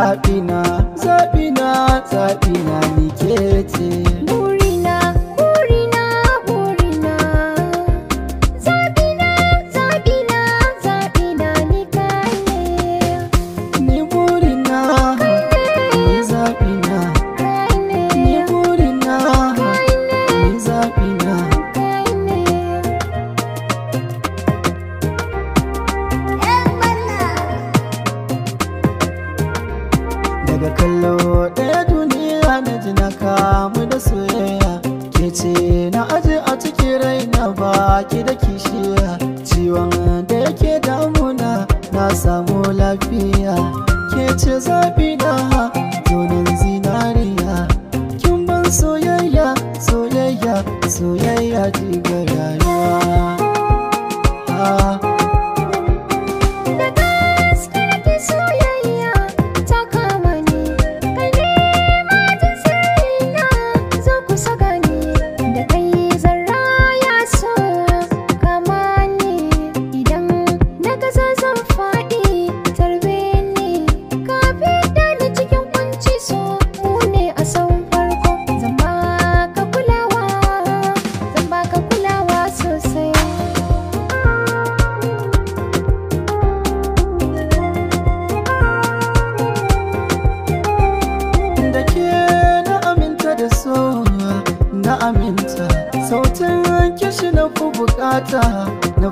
zaɓina zaɓina zaɓina ni ke ce kallo ɗaya duniya na ji na kamu da soyayya ke ce na aje a cikin na baki da kishiya ciwon da yake damuna na samu lafiya ke ce zafi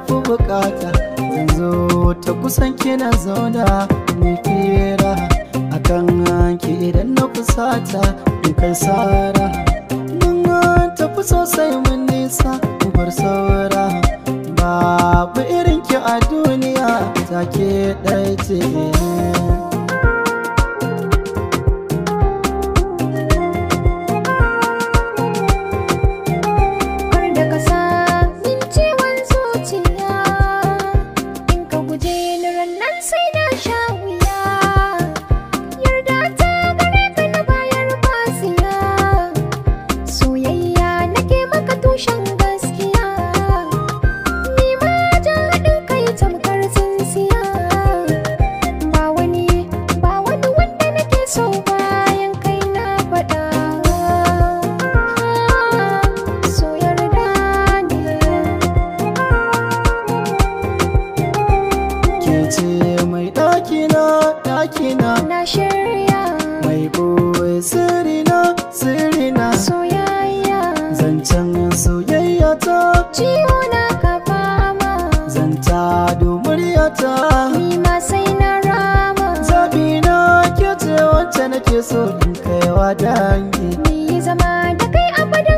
fi bukata ta kusan kina zauna mai fira akan hanki idan na kusata in kai sara ta tafi sosai mun nisa bar saura babu irinki a duniya take ɗaya ce ce mai ɗakina ɗakina na shirya mai boye sirina sirina soyayya zancen soyayya ta ciwo na ka fama zanta do muryata ni ma sai na rama zabi na ke ce wacce nake so in kaiwa dangi ni zama da kai abadan